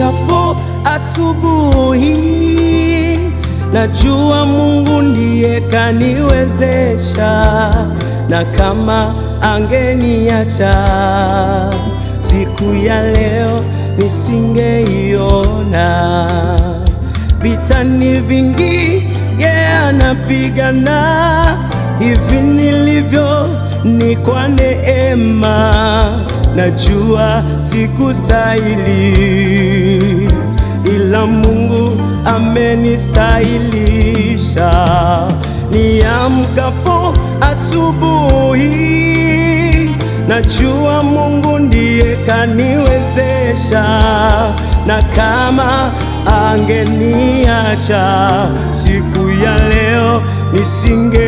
ifikapo asubuhi, najua Mungu ndiye kaniwezesha, na kama angeniacha siku ya leo nisingeiona. Vita ni vingi, yeye anapigana, hivi nilivyo ni kwa neema, najua sikustahili, ila Mungu amenistahilisha. Niamkapo asubuhi, najua Mungu ndiye kaniwezesha, na kama angeniacha siku ya leo nisinge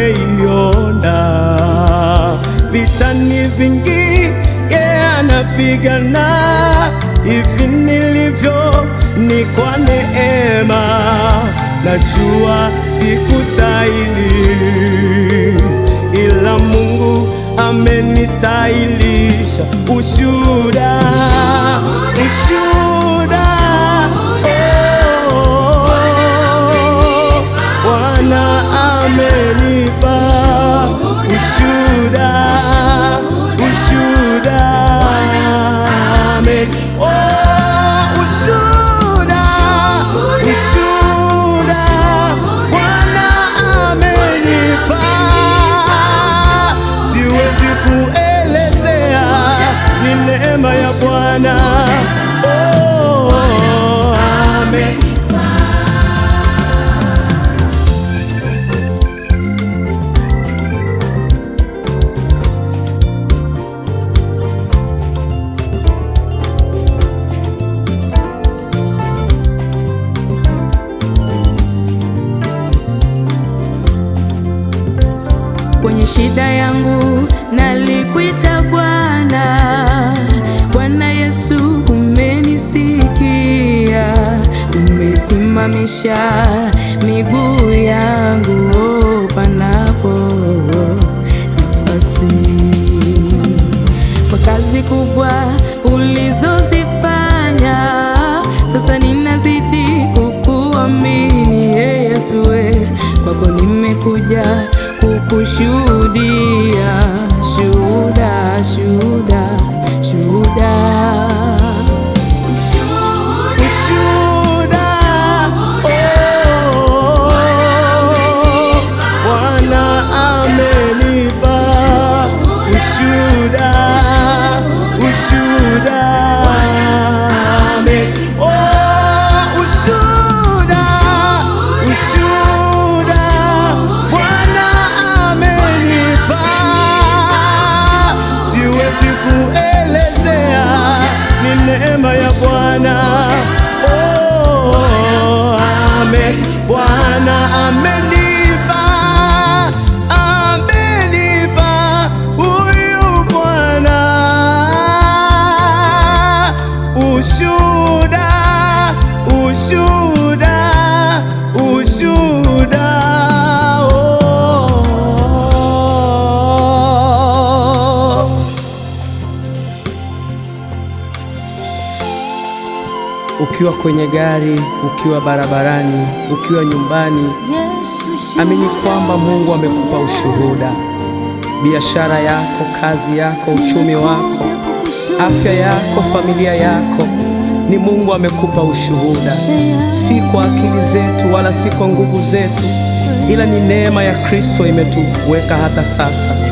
kupigana hivi nilivyo ni kwa neema, najua sikustahili, ila Mungu amenistahilisha ushuhuda, ushuhuda neema ya Bwana Kwenye shida yangu nalikuita simamisha miguu yangu panapo nafasi, kwa kazi kubwa ulizozifanya sasa ninazidi kukuamini. Ye Yesu we, kwako nimekuja kukushuhudia, shuhuda shuhuda shuhuda oh, oh. Ukiwa kwenye gari, ukiwa barabarani, ukiwa nyumbani, amini kwamba Mungu amekupa ushuhuda. Biashara yako, kazi yako, uchumi wako, afya yako, familia yako ni Mungu amekupa ushuhuda, si kwa akili zetu wala si kwa nguvu zetu, ila ni neema ya Kristo imetuweka hata sasa.